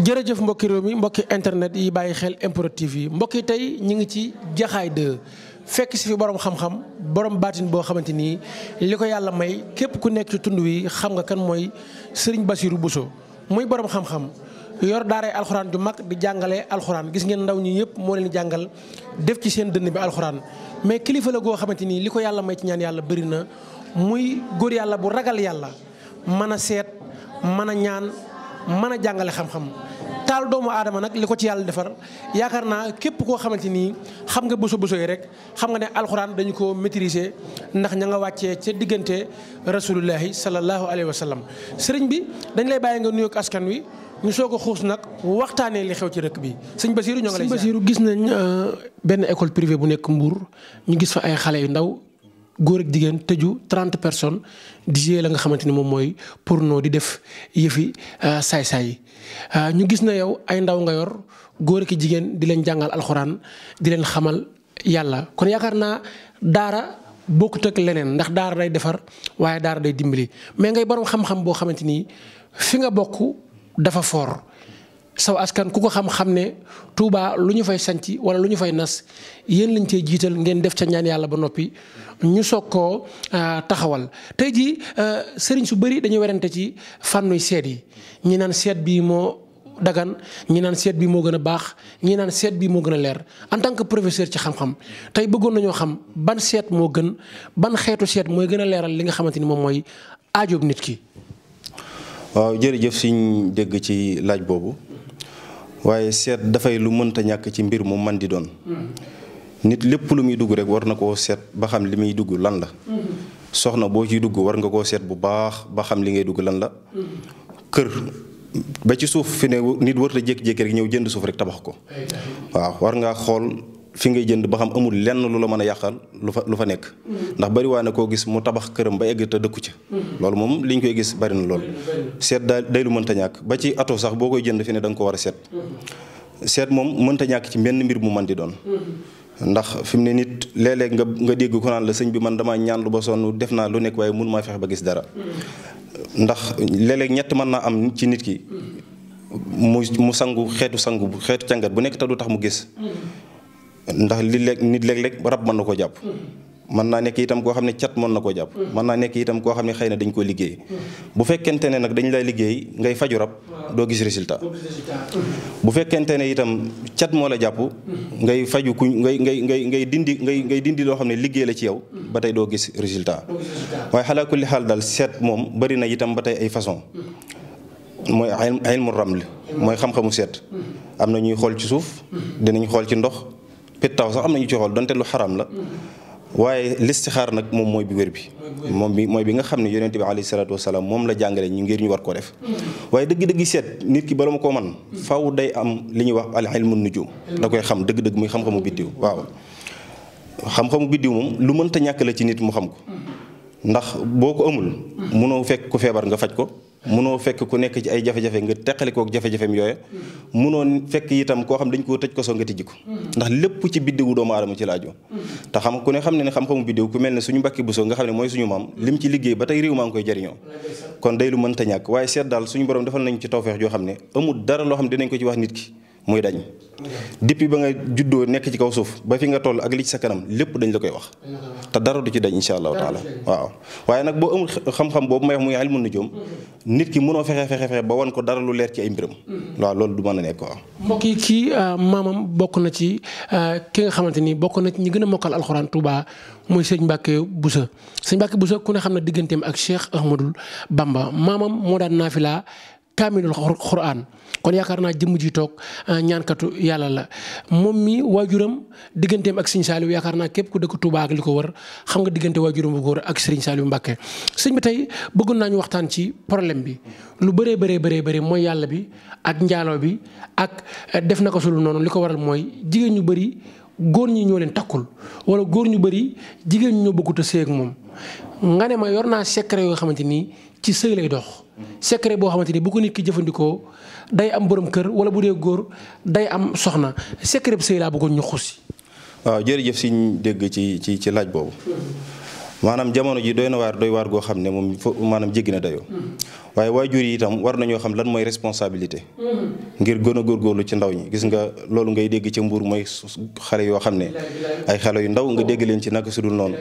jërëjëf mbokki réew mi mbokki internet yi bàyyi xel MPROD yi mbokki tey ñu ngi ci jaxaay 2 fekk si fi borom xam-xam borom baatin boo xamante ni li ko yàlla may képp ku nekk ci tund wi xam nga kan mooy Serigne Bassirou Bousso muy borom xam yor daaray alxuraan ju mag di jàngale alxuraan gis ngeen ndaw ñi yëpp moo jàngal def ci seen dënn bi alxuraan mais kilifa la goo xamante ni li ko yàlla may ci ñaan yàlla bëri na muy góor yàlla bu ragal yàlla mën a seet mën a ñaan. mën a jàngale xam-xam taal doomu aadama nag li ko ci yàlla defar yaakaar naa képp koo xamante nii xam nga bëso bëso yi rek xam nga ne alxuraan dañu ko maîtriser ndax ña nga wàccee ca diggante rasulullahi sallallahu alayhi wa sallam sëriñ bi dañ lay bàyyi nga nuyoog askan wi ñu soo ko xuus nag waxtaanee li xew ci rëkk bi sëñ Basiiru ñoo ngi lay sëñ Basiiru gis nañ euh, benn école privée bu nekk Mbuur ñu gis fa ay xale yu ndaw góor ak jigéen tëju trente personnes di la nga xamante ni moom mooy pour noo di def yëfi euh, saay-saay yi euh, ñu gis na yow ay ndaw nga yor góor ak jigéen di leen jàngal alxuraan di leen xamal yàlla kon yaakaar naa daara bokkut ak leneen ndax daara day defar waaye daara day dimbali mais ngay borom xam-xam boo xamante ni fi nga bokk dafa foor saw askan ku ko xam-xam ne Touba lu ñu fay sañc wala lu ñu fay nas yéen lañ cey jiital ngeen def ca ñaan yàlla ba noppi ñu soog koo ah, taxawal tey jii ah, sëriñ su bëri dañuy werante ci fànnuy seet yi ñi naan seet bii moo dagan ñi naan seet bi moo gën a baax ñi naan seet bi moo gën a leer en tant que professeur ci xam-xam tey bëggoon nañoo xam ban seet moo gën ban xeetu seet mooy gën a leeral li nga xamante ni moom mooy aajoob nit ki waaw jërëjëf siñ dégg ci laaj boobu waaye seet dafay lu mënta ñàkk ci mbir mu man di doon nit lépp lu muy dugg rek war na koo seet ba xam li muy dugg lan la soxna boo ciy dugg war nga koo seet bu baax ba xam li ngay dugg lan la kër ba ci suuf fi ne nit warta jékki-jékki rek ñëw jënd suuf rek tabax ko waaw war ngaa xool fi ngay jënd ba xam amul lenn lu la mën a yàqal lu fa lu fa nekk. Mm-hmm. ndax bari na koo gis mu tabax këram ba egg te dëkku ci mm-hmm. loolu moom li ñu koy gis bari na lool. Mm-hmm. seet daal day lu mënta ñàkk ba ci ato sax boo koy jënd fi ne da nga ko war a seet. seet moom mënta ñàkk ci mbenn mbir mu man di doon. ndax fi mu ne nit léeg nga nga dégg ko naan la sëñ bi man damaa ñaan lu ba sonn def naa lu nekk waaye mun maa fexe ba gis dara. ndax léeg ñett mën naa am ci nit ki. mu mu sangu xeetu sangu xeetu càngat bu nekk te du tax mu gis. ndax li léeg nit léeg-léeg rab mën na koo jàpp mën naa nekk itam koo xam ne cat mën na koo jàpp mën naa nekk itam koo xam ne xay na dañ ko liggéey bu fekkente ne nag dañ lay liggéey ngay faju rab doo gis résultat bu fekkente ne itam cat moo la jàpp ngay faju ku ngay ngay ngay ngay dindi ngay ngay dindi loo xam ne liggéey la ci yow ba tey doo gis résultat waaye xalaa kulli xaal daal seet moom bari na itam ba tey ay façon mooy ilmu raml mooy xam-xamu seet hmm. am na ñuy xool ci suuf hmm. dinañ xool ci ndox pittaaw sax am nañu ci xool donte lu xaram la waaye listixaar nag moom mooy bi wér bi moom bi mooy bi nga xam ne yonente bi alayhi salaatu wasalaam moom la jàngale ñu ngir ñu war koo def waaye dëgg dëggi seet nit ki bala ma koo man faw day am li ñuy wax al ilmu nujum da koy xam dëgg-dëgg muy xam-xamu biddiw waaw xam-xamu biddiw moom lu mënta ñàkk la ci nit mu xam ko ndax boo ko amul mënoo fekk ko feebar nga faj ko munoo fekk ku nekk ci ay jafe-jafe nga teqali kook jafe-jafeem yooya munoo fekk itam koo xam dañ koo tëj ko soo nga tijji ko ndax lépp ci biddiwu doomu aadama ci laajoo te xam ku ne xam ne ne xam-xamu biddiw ku mel ne suñu mbàkki bu soo nga xam ne mooy suñu maam lim ci liggéey ba tey réew maa ngi koy jariñoo kon day lu mënta ñàkk waaye seet daal suñu borom defal nañ ci tawfeex joo xam ne amul dara loo xam ne dinañ ko ci wax nit ki muy dañ depuis ba ngay juddoo nekk ci kaw suuf ba fi nga toll ak li ci sa kanam lépp dañ la koy wax te dara du ci dañ insha allahu taala waaw waaye nag boo amul xam-xam boobu may wax muy na joom mm-hmm. nit ki mënoo fexe fexe ba wan ko dara lu leer ci ay mbiram mm-hmm. waaw loolu du mën a nekk waaw mbokk yi kii euh, maamam bokk na ci euh, ki nga xamante ni bokk na ci ñi gën a mokkal alxuraan Tuubaa muy sëñ Mbàkke Busa sëñ Mbàkke Busa ku ne xam ne digganteem ak Cheikh Ahmadul Bamba maamam moo daan naafila kaamilul Qur'an kon yaakaar naa jëmm ji toog ah, ñaankatu yàlla la moom mi waajuram digganteem ak sëñ Saliou yaakaar naa képp ku dëkk Touba ak li ko wër xam nga diggante waajuram bu góor ak sëriñ Saliou Mbacke sëñ bi tey bëggoon naa ñu waxtaan ci problème bi lu bëree bëree bëree bëri mooy yàlla bi ak njaaloo bi ak eh, def na ko sulu noonu li ko waral mooy jigéen ñu bëri góor ñi ñoo leen takkul wala góor ñu bëri jigéen ñoo bëggut séy ak moom nga ne ma yor ci sëy lay dox. secret boo xamante ni bu ko nit ki jëfandikoo day am borom kër wala bu dee góor day am soxna secret bi sëy laa bëggoon ñu xusi waaw jërëjëf si ñu dégg ci ci ci laaj boobu maanaam jamono ji doy na waar doy waar goo xam ne moom maanaam jéggi na dayoo waaye waajur yi itam war nañoo xam lan mooy responsabilité. ngir gën a góorgóorlu ci ndaw ñi gis nga loolu ngay dégg ci mbuur mooy xale yoo xam ne ay xale yu ndaw nga dégg leen ci naka su dul noonu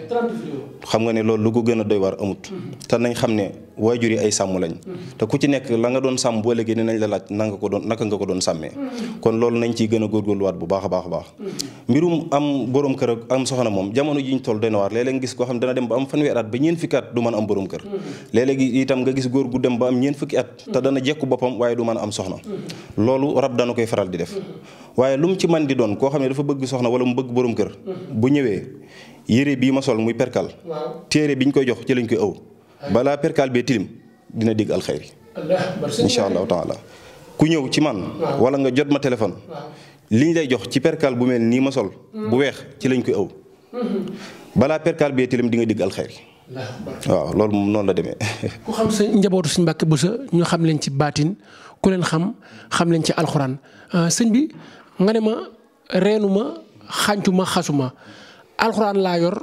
xam nga ne loolu lu ko gën a doy waar amut. te nañ xam ne waajur yi ay sàmm lañ. te ku ci nekk la nga doon sàmm boo léegi dinañ la laaj nanga ko doon naka nga ko doon sàmmee. kon loolu nañ ciy gën a góorgóorluwaat bu baax a baax a baax. mbirum am borom kër ak am soxna moom jamono ji ñu toll doy na waar léeg gis koo xam dana dem ba am fanweeri at ba ñeent fukki at du mën am borom kër ba am ñeent fukki at te dana jekku boppam waaye du man a am soxna loolu rab dana koy faral di def waaye lu mu ci man di doon koo xam ne dafa bëgg soxna wala mu bëgg borom kër bu ñëwee yére bii ma sol muy perkal téere bi ñu koy jox ci lañ koy ëw balaa perkal bee tilim dina dégg alxayri insha allahu ku ñëw ci man wala nga jot ma téléphone li ñu lay ci perkal bu mel nii ma sol bu weex ci lañ koy ëw balaa perkal bee di nga waaw loolu moom noonu la demee. ku xam sa njabootu si suñ bu Buso ñu xam leen ci baatin ku leen xam xam leen ci alxuraan euh, sëñ bi nga ne ma reenu ma xàncu ma xasuma ma alxuraan laa yor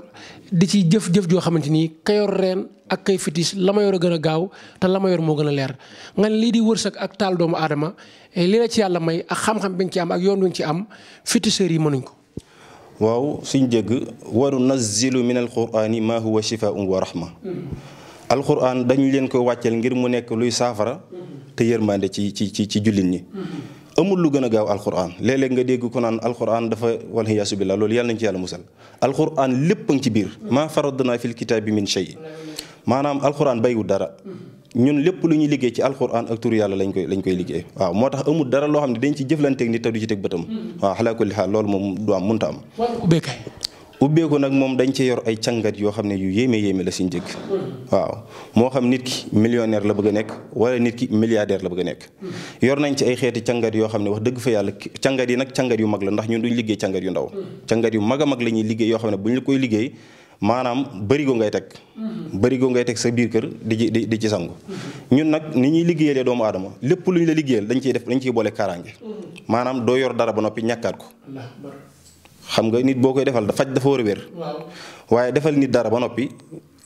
di ci jëf jëf joo xamante ni ka yor reen ak kay fitis la ma yor a gën a gaaw te la ma yor moo gën a leer nga ne lii di wërsëg ak taal doomu aadama li la ci yàlla may ak xam-xam bi nga ci am ak yoon wi nga ci am fitiseurs yi mënuñ ko. waaw suñ dégg waru nazilu min alqurani ma huwa shifaun wa rahma alquran dañu leen ko wàcceel ngir mu nekk luy saafara te yërmande ci ci ci ci jullit ñi amul lu gën a gaaw alquran léeg-léeg nga dégg ko naan alquran dafa wala yaasu billah loolu yàlla nañ ci yàlla musal alquran lépp a ngi ci biir maa naa fil kitaabi min shay maanaam alquran bayiwu dara ñun lépp lu ñuy liggéey ci alxuraan ak tur yàlla lañ koy lañ koy liggéey waaw moo tax amul dara loo xam ne dañ ci jëflanteeg ni te du ci teg bëtam. Mm-hmm. waaw xalaa kulli xaal loolu moom du am mënta am. ubbeeku nag moom dañ cee yor ay càngat yoo xam ne yu yéeme yéeme la siñ jëkk mm-hmm. waaw moo xam nit ki millionaire la bëgg a nekk wala nit ki milliardaire la bëgg a nekk mm-hmm. yor nañ ci ay xeeti càngat yoo xam ne wax dëgg fa yàlla càngat yi nag càngat yu mag la ndax ñun duñ liggéey càngat yu ndaw càngat yu mag mag la ñuy liggéey yoo xam ne buñ la koy liggéey maanaam bërigo ngay teg mhm. bërigo ngay teg sa biir kër di di di ci sangu mhm. ñun nag ni ñuy liggéeyalee doomu aadama lépp lu ñu la liggéeyal dañ ciy def dañ ciy boole kaaraange mhm. maanaam doo yor dara ba noppi ñàkkaat ko xam nga nit boo koy defal faj dafa war a wér waaye defal nit dara ba noppi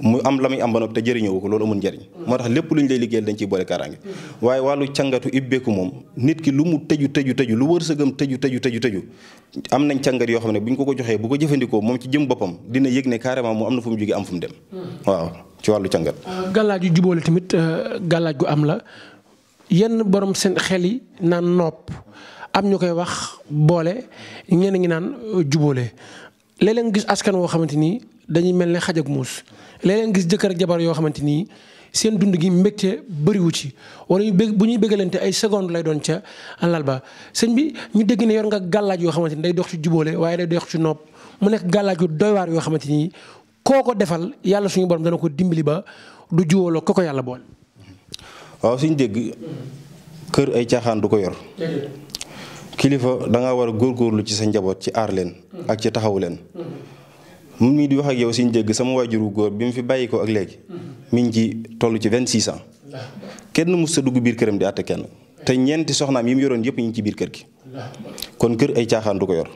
mu am la muy am ba noppi te jëriñoo ko loolu amul njariñ moo tax lépp lu ñu lay liggéeyal dañ ciy boole kaaraange waaye wàllu cangatu ibbeeku moom nit ki lu mu tëju tëju tëju lu wërsëgam tëju tëju tëju tëju am nañ càngat yoo xam ne bu ñu ko ko joxee bu ko jëfandikoo moom ci jëm boppam dina yëg ne carrément mu am na fu jógee am fu mu dem waaw ci wàllu cangat gàllaaj yu tamit euh, gàllaaj gu am la yenn borom seen xel yi naan nopp am ñu koy wax boole ñenn ngi naan euh, jubóole léeg-léeg nga woo xamante ni dañuy mel ne xaj ak muus léeg gis jëkkër ak jabar yoo xamante ni seen dund gi mbégte bariwu ci wala ñu bég bu ñuy bëggalante ay seconde lay doon ca lal ba sëñ bi ñu dégg ne yor nga gàllaaj yoo xamante ni day dox ci jubóole waaye day dox ci nopp mu nekk gàllaaj yu yoo xamante ni koo ko defal yàlla suñu borom dana ko dimbali ba du juwóoloo ko ko yàlla boole. waaw suñu dégg kër ay caaxaan du ko yor. kilifa da war a góor góorlu ci sa njaboot ci aar leen. ak ci taxawu leen. Mm-hmm. moom mii di wax ak yow suñu dégg sama waajuru góor bi mu fi bàyyi ko ak léegi mi ngi ci toll ci vingt six ans kenn mos a dugg biir këram di àtte kenn te ñeenti soxnaam yi mu yoroon yëpp ñu ngi ci biir kër gi kon kër ay caaxaan du ko yor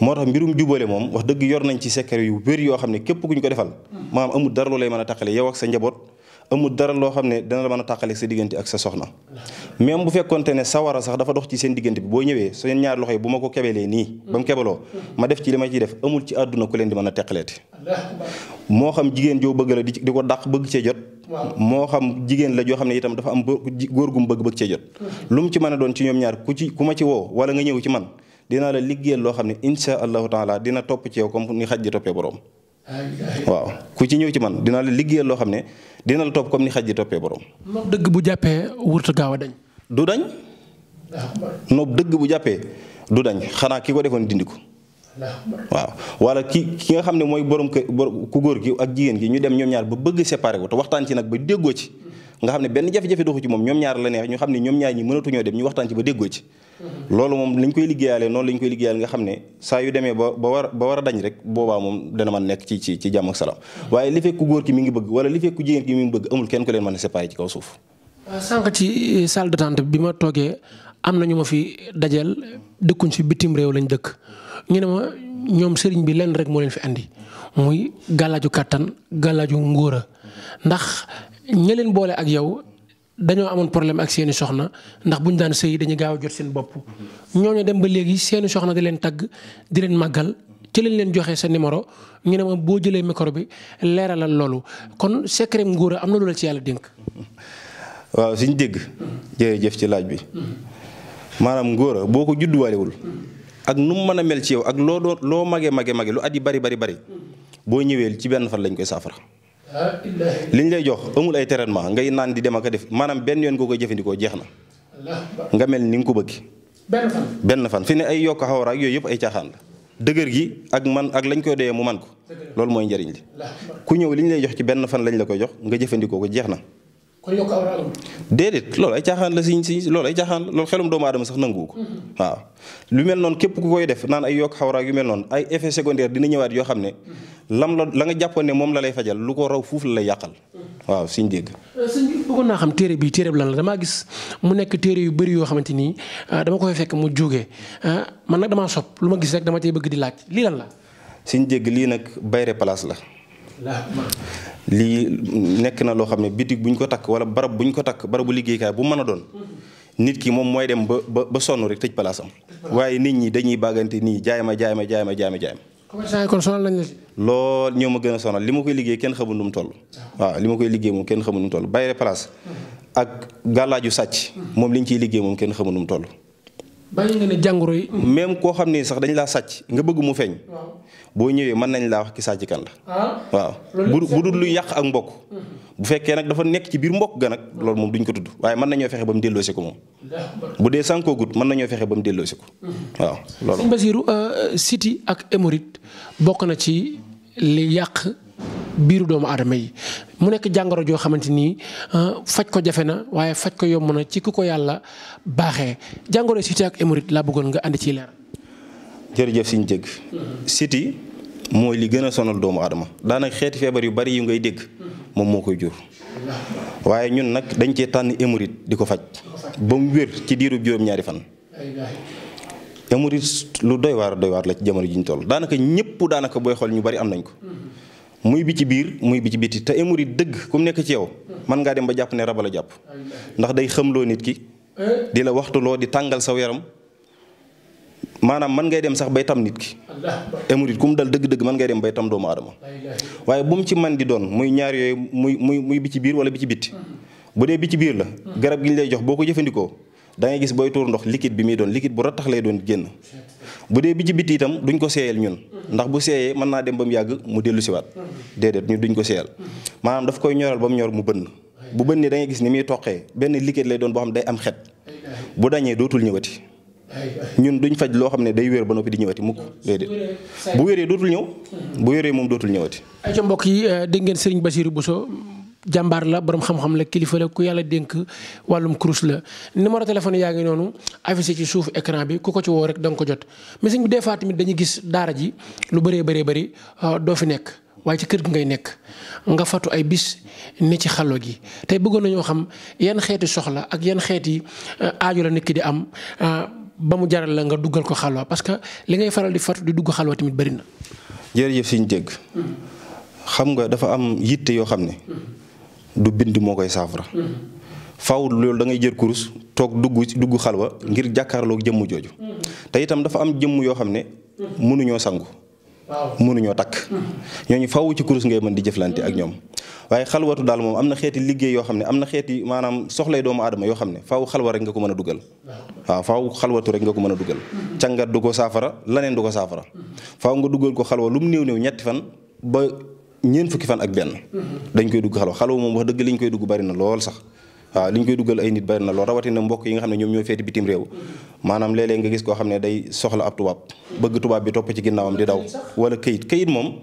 moo tax mbirum jubale moom wax dëgg yor nañ ci secret yu bëri yoo xam ne képp ku ñu ko defal maam amul dara loo lay mën a taqale yow ak sa njaboot amul dara loo xam ne dana la mën a tàqale sa diggante ak sa soxna même bu fekkonte ne sawara sax dafa dox ci seen diggante bi boo ñëwee seen ñaari loxo yi bu ma ko kebelee nii ba mu kebaloo ma def ci li ci ciy def amul ci àdduna ku leen di mën a teqaleeti moo xam jigéen joo bëgg la di di ko dàq bëgg cee jot moo xam jigéen la joo xam ne itam dafa am góor gum bëgg bëgg cee jot lu mu ci mën a doon ci ñoom ñaar ku ci ku ma ci woo wala nga ñëw ci man dina la liggéeyal loo xam ne insha allahu taala dina topp ci yow comme ni xaj di toppee borom waaw ku ci ñëw ci man dina la liggéeyal loo xam ne dina la topp comme ni xaj di toppee borom. nopp dëgg bu jàppee wurtu gaaw a dañ. du dañ. nopp dëgg bu jàppee du dañ xanaa ki ko defoon dindi ko. waaw wala ki ki nga xam ne mooy borom kër ku góor gi ak jigéen gi ñu dem ñoom ñaar ba bëgg séparé ko waxtaan ci nag ba déggoo ci. nga xam ne benn jafe-jafe doxu ci moom ñoom ñaar la neex ñu xam ne ñoom ñaar ñi mënatuñoo dem ñu waxtaan ci ba déggoo ci loolu moom lañ koy liggéeyaale noonu lañ koy liggéeyaale nga xam ne saa yu demee ba war a dañ rek boobaa moom dana mën nekk ci ci ci jàmm ak salaam waaye li fekk ku góor ki mi ngi bëgg wala li fekk ku jigéen ki mi ngi bëgg amul kenn ko leen mën a séparé ci kaw suuf euh, sànq ci euh, salle d'attente bi ma toogee am na ñu ma fi dajeel dëkkuñ ci bitim réew lañ dëkk ñu ne ma ñoom sëriñ bi lenn rek moo leen fi andi muy gàllaaju kàttan gàllaaju ngóora ndax ña leen boole ak yow dañoo amoon problème ak seeni soxna ndax bu ñu daan sëy dañuy gaaw a jot seen bopp ñooñu dem ba léegi seeni soxna di leen tagg di leen màggal ci lañ leen joxe sa numéro ñu ne ma boo jëlee micro bi leeral leeralal loolu kon secret ngóora am na lu la ci yàlla dénk. waaw suñu dégg jërëjëf ci laaj bi maanaam ngóora boo ko judduwaalewul ak nu mu mën a mel ci yow ak loo doon loo magee mage magee lu at yi bari bari bari boo ñëwee ci benn fan lañ koy saafara. liñ lay jox amul ay traitement ngay naan di dem ak def maanaam benn yoon nga koy jëfandikoo jeex na. nga mel ni nga ko bëgg. benn fan fi ne ay yokk xawra ak yooyu yëpp ay caaxaan la. dëgër gi ak man ak lañ koy doyee mu man ko loolu mooy njëriñ li ku ñëw liñ lay jox ci benn fan lañ la koy jox nga jëfandikoo ko jeex na. kon yokk aw alalam. déedéet loolu ay caaxaan la si si loolu ay caaxaan loolu xelum doomu aadama sax nanguwu ko. Mm-hmm. waaw lu mel noon képp ku koy def naan ay yokk xawraag yu mel noon ay effet secondaire dina ñëwaat yoo xam ne. Mm-hmm. lam la la nga jàppoon ne moom la lay fajal lu ko raw fuuf la lay yàqal. Mm-hmm. waaw suñ dégg. Euh, sëñ bi bëggoon naa xam téere bii téere bi lan la damaa gis mu nekk téere yu bëri yoo xamante ni euh, dama koy fekk mu jógee euh, man nag damaa sopp lu ma gis rek dama cay bëgg di laaj lii la. suñ dégg lii nag bayre place la. lii nekk na loo xam ne bitig bu ñu ko takk wala barab bu ñu ko takk barabu liggéeykaay bu mën a doon nit ki moom mooy dem ba ba ba sonn rek tëj palaasam waaye nit ñi dañuy bàggante nii jaay ma jaay ma jaay ma jaay ma jaay ma commerçant yi kon sonal nañ la si. lool ñoo ma gën a sonal li ma koy liggéey kenn xamul nu mu toll. waaw li ma koy liggéey moom kenn xamul nu mu toll bayre place. ak gàllaaju sàcc. moom li ñu ciy liggéey moom kenn xamul nu mu toll. bàyyi nga ne jàngoro yi. même koo xam ne sax dañ laa sàcc nga bëgg mu feeñ. boo ñëwee mën nañ laa wax ki sàcc kan la. Ah? waaw bu dul lu yàq ak mbokk. Mm-hmm. bu fekkee nag dafa nekk ci biir mbokk ga nag mm-hmm. loolu moom duñ ko tudd waaye mën nañoo fexe ba mu delloosi ko bu dee sànkoo gut mën nañoo fexe ba mu ko. Mm-hmm. waaw loolu. sëñ Basirou siti euh, ak hémorroïde bokk na ci li yàq. biiru doomu aadama yi mu nekk jàngoro joo xamante ni euh, faj ko jafe na waaye faj ko yomb na ci ku ko yàlla baaxee jàngoro siti ak hémorroïde laa bëggoon nga andi ci leer. jërëjëf siñ jëgg mhm. siti mooy li gën a sonal doomu adama daanaka xeeti feebar yu bari yu ngay dégg mhm. moom moo koy jur waaye ñun nag dañ cee tànn émorite di ko faj ba mu wér ci diirub juróom-ñaari fan émorite lu doy waar doy la ci jamono ji toll daanaka ñëpp daanaka booy xool ñu bari am nañ ko mhm. muy bi ci biir muy bi ci biti te émorite dëgg ku mu nekk ci yow mën ngaa dem ba jàpp ne raba la jàpp ndax day xëm loo nit ki eh? di la waxtu loo di tàngal saw yaram maanaam man ngay dem sax bay tam nit ki émurit ku mu dal dëgg-dëgg man ngay dem bay tam doomu aadama waaye bu mu ci man di doon muy ñaar yooyu muy muy muy bi ci biir wala bi ci bitti mm-hmm. bu dee bi ci biir la mm-hmm. garab gi ñu lay jox boo ko jëfandikoo da gis booy tuur ndox liquide bi muy doon liquide bu rattax lay doon génn bu dee bi ci bitti itam duñ ko seeyal ñun mm-hmm. ndax bu seeyee mën naa dem ba mu yàgg mu dellu siwaat déedéet ñu duñ ko seeyal maanaam daf koy ñoral ba mu ñor mu bënn bu bënnee da ngay gis ni muy toqee benn liquide lay doon boo xam day am xet bu dañee dootul ñëwati ñun duñ faj loo xam ne day wér ba noppi di ñëwati mukk déedéet bu wéree dootul ñëw bu wéree moom dootul ñëwati ay ca mbokk yi euh, dégg ngeen Serigne Bassirou so jàmbaar la boroom xam-xam la kilifa la ku yàlla dénk wàllum kurus la numéro téléphone yaa ngi noonu affiché ci suuf ecran bi ku ko ci woo rek da ko jot mais sëñ bi des fois tamit dañu gis daara ji lu bëree bëree bëri euh, doo fi nekk waaye ci kër gi ngay nekk nga fatu ay bis ne ci xallo gi tey bëggoon nañoo xam yan xeeti soxla ak yan xeeti euh, aaju la nit ki di am ba mu jaral la nga duggal ko xalwa parce que li ngay faral di fatu di dugg xalwa tamit bari na. jër jërëjëf siñ jégg xam nga dafa am yitte yoo xam ne du bind moo koy saafara. faaw loolu da ngay jël kurus toog dugg dugg xalwa ngir jàkkaarloog jëmm jooju. te itam dafa am jëmm yoo xam ne mënuñoo sangu. mënuñoo takk ñooñu faw ci kurus ngay mën di jëflante ak ñoom waaye xalwatu daal moom am na xeeti liggéey yoo xam ne am na xeeti maanaam soxlay doomu aadama yoo xam ne faw xalwa rek nga ko mën a dugal waaw faw xalwatu rek nga ko mën a dugal càngat du ko saafara laneen du ko saafara faw nga dugal ko xalwa lu mu néew néew ñetti fan ba ñeent fukki fan ak benn dañ koy dugg xalwa xalwa moom wax dëgg lañ koy dugg bari na lool sax waaw li ñu koy duggal ay nit bari na lool rawatina mbokk yi nga xam ne ñoom ñoo féete bitim réew maanaam léeg nga gis ko xam ne day soxla ab tubaab bëgg tubaab bi topp ci ginnaawam di daw wala këyit këyit moom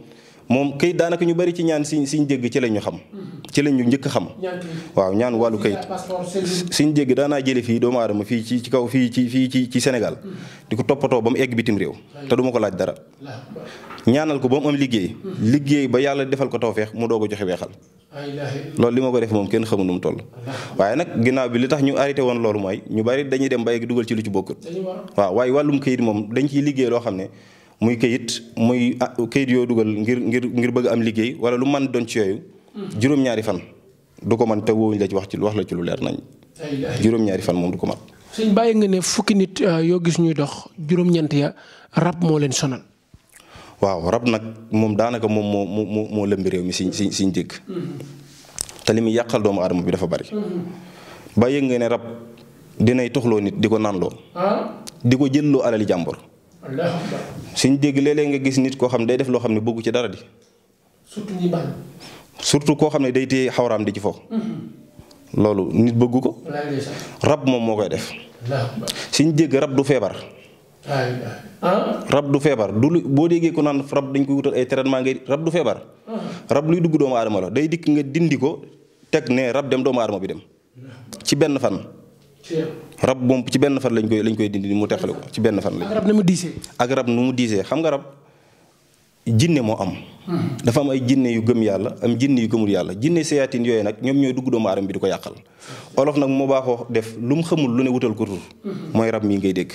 moom këyit daanaka ñu bari ci ñaan siñ siñ jégg ci la ñu xam ci la ñu njëkk xam waaw ñaan wàllu këyit siñ jégg daanaa jële fii doomu aadama fii ci ci kaw fii ci fii ci ci Sénégal di ko toppatoo ba mu egg bitim réew te duma ko laaj dara ñaanal ko ba mu am liggéey liggéey ba yàlla defal ko tawfeex mu doog ko joxe weexal loolu li ma ko def moom kenn xamu nu mu toll waaye nag ginnaaw bi li tax ñu arrêté woon loolu mooy ñu bari dañuy dem bay dugal ci lu ci bokkut waaw waaye wàllum këyit moom dañ ciy liggéey loo xam ne muy këyit muy ah, këyit yoo dugal ngir ngir ngir bëgg am liggéey wala lu man doon ci yooyu mm. juróom-ñaari fan du ko man te woowuñ la ci wax ci wax la ci lu leer nañ juróom-ñaari fan moom du ko mat euh, yoo gis ñuy dox juróom-ñeent ya rab moo leen sonal waaw rab nag moom daanaka moom moo moo moo lëmbi réew mi siñ siñ siñ dégg te li muy yàqal doomu aadama bi dafa bari mm-hmm. ba yëg nga ne rab dinay toxloo nit di ko naanloo ah? di ko jëlloo alali jàmbur suñ dégg léeg-léeg nga gis nit koo xam ne day def loo xam ne bëggu ci dara di surtout koo xam ne day téye xawraam di ci fo mm-hmm. loolu nit bëggu ko rab moom moo koy def suñ dégg rab du feebar rab du feebar du lu boo déggee ko naan rab dañ koy wutal ay traitement ngay rab du feebar. Ah. rab luy dugg doomu adama la day dikk nga dindi ko teg ne rab dem doomu aadama bi dem. ci benn fan. rab moom ci benn fan lañ koy lañ koy dindi mu teqale ko ci benn fan. lañ ak rab nu mu diisee. ak rab xam nga rab jinne moo am. Hmm. dafa am ay jinne yu gëm yàlla am jinne yu gëmul yàlla jinne seyaatin yooyu nag ñoom ñooy dugg doomu bi di ko yàqal. olof nag moo baaxoo def lu mu xamul lu ne wutal ko tur. Hmm. mooy rab mi ngay dégg.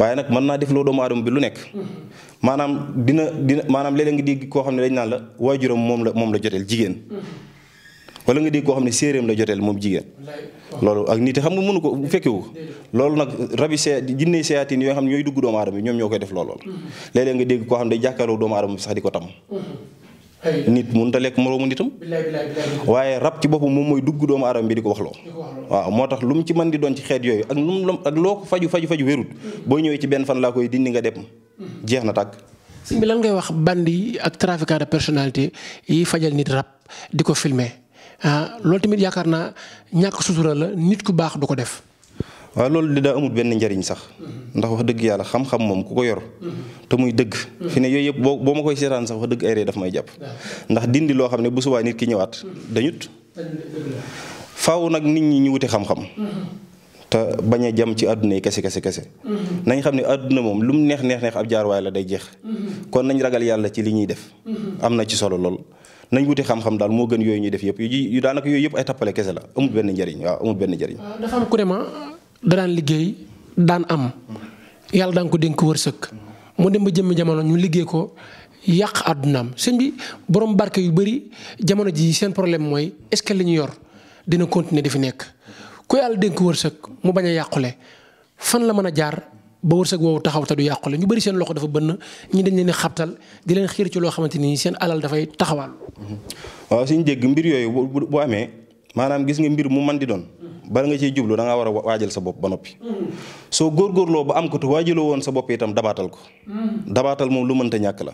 waaye nag mën naa def loo doomu aadama bi lu nekk maanaam dina dina maanaam léeg nga dégg koo xam ne dañ naan la waajuram moom la moom la joteel jigéen wala nga dégg koo xam ne séeréem la joteel moom jigéen loolu ak nit xam nga mënu ko fekkewu loolu nag rabi see jinne seyatin yoo xam ne ñooy dugg doomu aadama bi ñoom ñoo koy def loolu mm-hmm. léeg-léeg nga dégg koo xam ne day doomu aadama bi sax di ko tam mm-hmm. nit mun ta lekk moroomu nitam waaye rab ci boppam moom mooy dugg doomu aadama bi di ko wax loo waaw moo tax lu mu ci man di doon ci xeet yooyu ak lu mu ak loo ko faju faju faju wérut mm. boo ñëwee ci benn fan laa koy dindi nga dem mm. jeex na tàkk sëñ bi lan ngay wax bandi ak trafiquant de personnalité yi fajal nit rab di ko filmer ah, loolu tamit yaakaar naa ñàkk sutura la nit ku baax du ko def waaw loolu di daa amul benn njariñ sax ndax wax dëgg yàlla xam-xam moom ku ko yor te muy dëgg fi ne yooyu yëpp boo boo ma koy seetaan sax wax dëgg ay ree daf may jàpp ndax dindi loo xam ne bu subaa nit ki ñëwaat dañut faaw nag nit ñi ñu wuti xam-xam te bañ a jam ci àdduna yi kese kese kese nañ xam ne àdduna moom lu mu neex neex neex ab jaar waay la day jeex kon nañ ragal yàlla ci li ñuy def am na ci solo lool nañ wuti xam-xam daal moo gën yooyu ñuy def yëpp yu daanaka yooyu yëpp ay tappale kese la amul benn njariñ waaw amul benn njariñ daan liggéey daan am yàlla daan ko dénk wërsëg mu dem ba jëmm jamono ñu liggéey ko yàq àddunaam sëñ bi borom barke yu bëri jamono ji seen problème mooy est-ce que li yor dina continuer di fi nekk ku yàlla dénk wërsëg mu bañ a yàqule fan la mën a jaar ba wërsëg woowu taxaw te du yàqule ñu bëri seen loxo dafa bënn ñi dañ leen xabtal di leen xiir ci loo xamante ni seen alal dafay taxawaal. waaw suñu dégg mbir yooyu bu amee maanaam gis nga mbir mu man di doon. bala nga ciy jublu da war a waajal sa bopp ba noppi soo góorgóorloo ba am ko waajaloo woon sa bopp itam dabaatal ko dabaatal moom lu mënta ñàkk la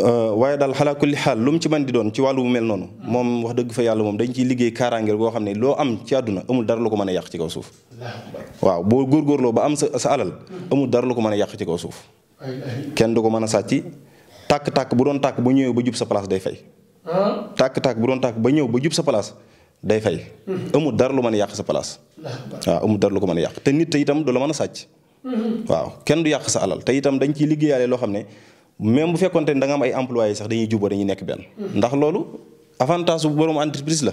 euh, waaye daal xalaa kulli xaal lu mu ci mën di doon ci wàllu mel noonu moom wax dëgg fa yàlla dañ ciy liggéey kaaraangeel goo xam ne loo am ci àdduna amul ko mën a yàq ci kaw suuf waaw boo góorgóorloo ba am sa sa alal amul dara lu ko mën a yàq ci kaw suuf kenn du ko mën a sàcc tàkk-tàkk bu doon tàkk ba ñëwee ba jub sa place day fay ah. tàkk-tàkk bu doon tàkk ba ñëw ba jub sa place day fay. Mhm. amul dara lu mën yàq sa place. waaw amul dara lu ko man yàq te nit te itam du la mën a sàcc. Mhm. waaw kenn du yàq sa alal te itam dañ ciy liggéeyaale loo xam ne même bu fekkonte ne da nga am ay employés sax dañuy juboo dañuy nekk benn. Mhm. ndax loolu avantage bu borom entreprise la.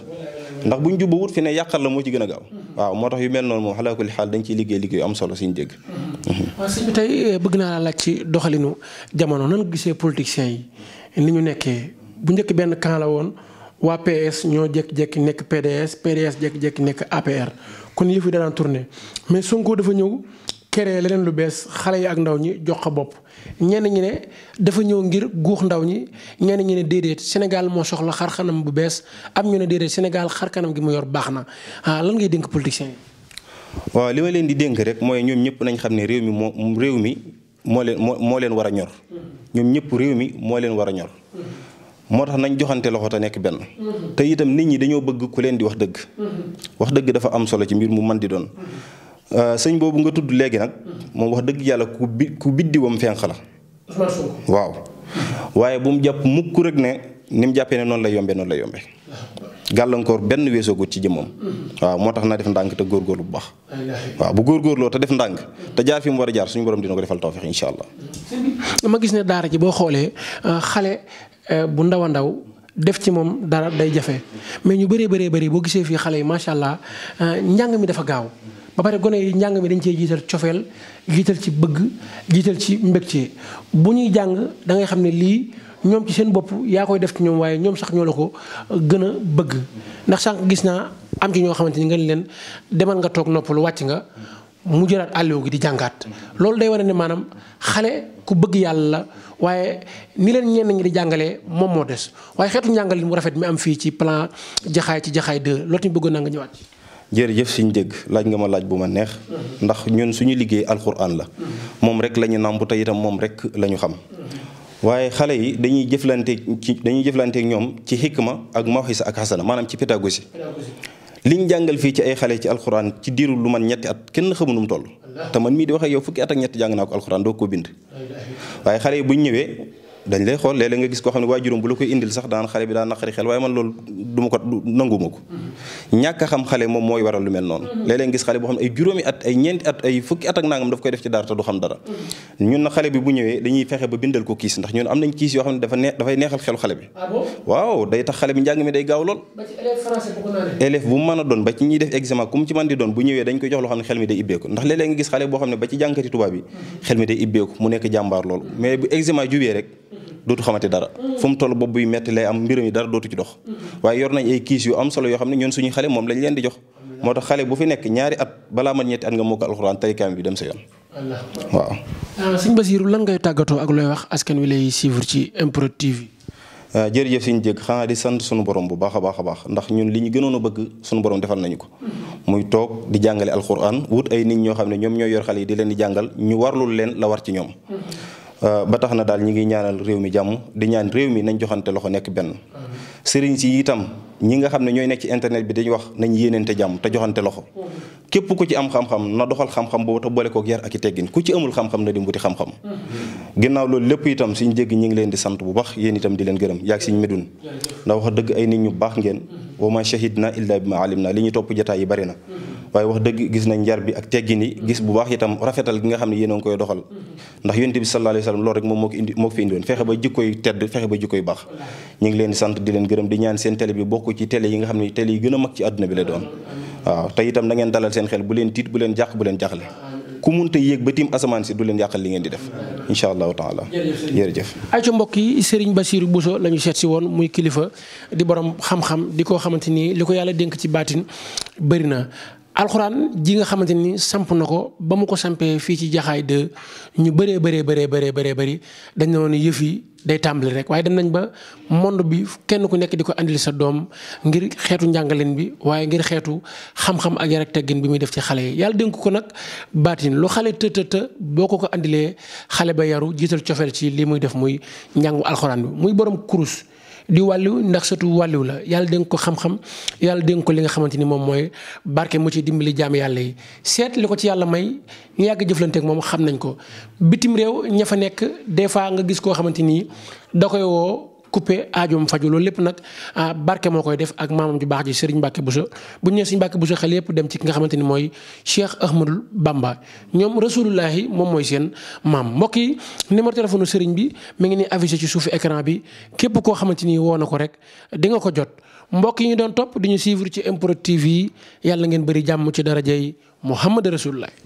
ndax bu ñu wut fi ne yàqal la moo ci gën a gaaw. waaw moo tax yu mel noonu moom xalaa kulli xaal dañ ciy liggéey liggéey am solo suñu dégg. waaw tey eh, bëgg naa la laaj ci doxalinu jamono nan gisee politiciens yi ni ñu nekkee bu njëkk benn camp la woon waa PS ñoo jékki-jékki nekk PDS PDS jékki-jékki nekk APR kon yëf yi danaan tourné mais Sonko dafa ñëw créé leneen lu bees xale yi ak ndaw ñi jox ko bopp. ñenn ñi ne dafa ñëw ngir guux ndaw ñi ñenn ñi ne déedéet Sénégal moo soxla xar kanam bu bees am ñu ne déedéet Sénégal xar kanam gi mu yor baax na ah, lan ngay dénk politiciens yi. waaw li ma leen di dénk rek mooy ñoom ñëpp nañ xam ne réew mi moo réew mi moo leen moo moo leen war a ñor. Mm-hmm. ñoom ñëpp réew mi moo leen war a ñor. Mm-hmm. moo tax nañ joxante loxo te nekk benn. Mhm. te itam nit ñi dañoo bëgg ku leen di wax dëgg. Mhm. wax dëgg dafa am solo ci mbir mu man di doon. Mhm. Euh, sëñ boobu nga tudd léegi nag. moom wax dëgg yàlla ku bi ku biddiwam fenq la. waaw waaye bu mu jàpp mukk rek ne ni mu jàppee ne noonu lay yombe noonu lay yombe gàllankoor benn weesoogut ci jëmmam. waaw moo tax na def ndànk te góorgóorlu bu baax. waaw bu góorgóorloo te def ndànk te jaar fi mu war a jaar suñ borom dina ko defal tawfeex allah. Euh, bu ndaw a ndaw def ci moom dara day jafe mais ñu bëree bëree bëri boo gisee fii xale yi macha allah euh, njàng mi dafa gaaw ba pare gone yi njàng mi dañ cee jiital cofeel jiital ci bëgg jiital ci mbégte bu ñuy jàng da ngay xam ne lii ñoom ci seen bopp yaa koy def ci ñoom waaye ñoom sax ñoo la ko euh, gën a bëgg ndax sànq gis naa am ci ñoo xamante ni nga leen demal nga toog noppalu wàcc nga mu jëlaat àlliw gi di jàngaat loolu day wane ne maanaam xale ku bëgg yàlla la waaye ni leen ñeen ñi di jàngalee moom moo des waaye xeetu njàngale mu rafet mi am fii ci plan jaxaay ci jaxaay 2 loolu tamit bëggoon naa nga ñëwaat. jërëjëf suñ dégg laaj nga ma laaj bu ma neex mhm. ndax ñun suñu liggéey alxuraan la mhm. moom rek la ñu nàmb te itam moom rek la ñu xam mhm. waaye xale yi dañuy jëflante ci dañuy jëflanteeg ñoom ci ma ak xisa ak xasana maanaam ci pédagogie liñ jàngal fii ci ay xale ci alxuraan ci diiru lu man ñetti at kenn xamu nu mu mii di wax yow fukki at ak jàng naa ko alxuraan doo ko bind waaye xale yi bu ñu dañ lay xool léeg-léeg nga gis koo xam ne waajuram bu la koy indil sax daan xale bi daan naqari xel waaye man loolu du ko nanguma ko ñàkk xam xale moom mooy waral lu mel noonu mm-hmm. léeg-léeg nga gis xale boo xam ne ay juróomi at ay ñeenti at dara mm-hmm. ñun na xale bu ñëwee dañuy fexe ba bindal ko kiis ndax ñun am nañ kiis yoo xam ne dafa ne dafay neexal xelu xale bi ah waaw day tax a doon ci bu ñëwee dañ koy jox loo xam ne xel mi day ibbeeku ndax léeg-léeg nga gis xale boo xam ne ba ci jànkati tubaab mm-hmm. xel mi day ibbeeku mu nekk jàmbaar loolu mais bu examen jubee rek dootu xamante dara fu mu toll bopp buy metti lay am mbiram yi dara dootu ci dox waaye yor nañ ay kiis yu am solo yoo xam ne ñun suñu xale moom lañ leen di moo tax xale fi nekk ñaari at balaa man ñetti at nga mokk alxuraan tarikaam bi dem sa yoon waaw euh, sëñ Basiiru lan ngay tàggatoo ak looy askan wi lay suivre ci MPROD TV euh, jërëjëf suñu jégg xanaa di sant suñu borom bu baax a baax a baax ndax ñun li ñu gënoon a bëgg suñu borom defal nañu ko uhuh. muy toog di jàngale alxuraan wut ay nit ñoo xam ne ñoom ñooy yor xale yi di leen di jàngal ñu warlul leen la war ci ñoom uhuh. Euh, ba tax na daal ñi ngi ñaanal réew mi jàmm di ñaan réew mi nañ joxante loxo nekk benn sëriñ si itam ñi nga xam ne ñooy nekk ci internet bi dañuy wax nañ yéeneente jàmm te joxante loxo képp ku ci am xam-xam na doxal xam-xam boobu te boole kook yar ak i teggin ku ci amul xam-xam na di mbuti xam-xam ginnaaw loolu lépp itam suñ jégg ñi ngi leen di sant bu baax yéen itam di leen gërëm yaag dëgg ay nit ñu baax ngeen wa ma shahidna illa bima alimna li ñuy topp jotaay yi bari na waaye wax dëgg gis nañ njar bi ak teggin yi gis bu baax itam rafetal gi nga xam ne yéen koy doxal ndax yonent bi sallallahu alayhi loolu rek moom moo ko indi moo ko fi indiwoon fexe ba jikkoy tedd fexe ba jikkoy baax ñi leen di sant di leen gërëm di ñaan seen télé bokk ko ci télé yi nga xam ne télé yi gën a mag ci àdduna bi la doon waaw te itam na dalal seen xel bu leen tiit bu leen jàq bu leen jaxle ku munta yéeg ba tiim asamaan si du leen yàqal li ngeen di def incha allahu taala jërëjëf ay ca mbokk yi Serigne Bassirou seet si woon muy kilifa di borom xam-xam di ko xamante ni li ko yàlla dénk ci baatin bëri alxuraan ji nga xamante ni samp na ko ba mu ko sampee fii ci jaxaay de ñu bëree bëree bëree bëree bëree bëri dañ ne woon yëf yi day tàmbali rek waaye dem nañ ba monde bi kenn ku nekk di ko andil sa doom ngir xeetu njàngaleen bi waaye ngir xeetu xam-xam ak yar ak teggin bi muy def ci xale yi yàlla dénk ko nag baatin lu xale të të të boo ko ko indilee xale ba yaru jiital cofeel ci lii muy def muy njàngu alxuraan bi muy borom kurus. di wàllu ndax surtout wàllu la yàlla dénk ko xam-xam yàlla dénk ko li nga xamante ni moom mooy barke mu ci dimbali jaam yàlla yi seet li ko ci yàlla may ñu yàgg jëflanteeg moom xam nañ ko bitim réew ña fa nekk des fois nga gis koo xamante ni da koy woo coupé aajoom faju loolu lépp nag ah, barke moo koy def ak maamam ju baax ji Serigne bu so bu ñu nee Serigne bu Bousso xel yëpp dem ci ki nga xamante ni mooy Cheikh Ahmadul Bamba ñoom rasulullahi moom mooy seen maam mbokk yi numéro téléphone Serigne bi mi ngi nii affiché ci suuf ecran bi képp koo xamante ni woo na ko rek di nga ko jot mbokk yi ñu doon topp di ñu suivre ci MPROD TV yi yàlla ngeen bari jàmm ci darajay Muhammad rasulullah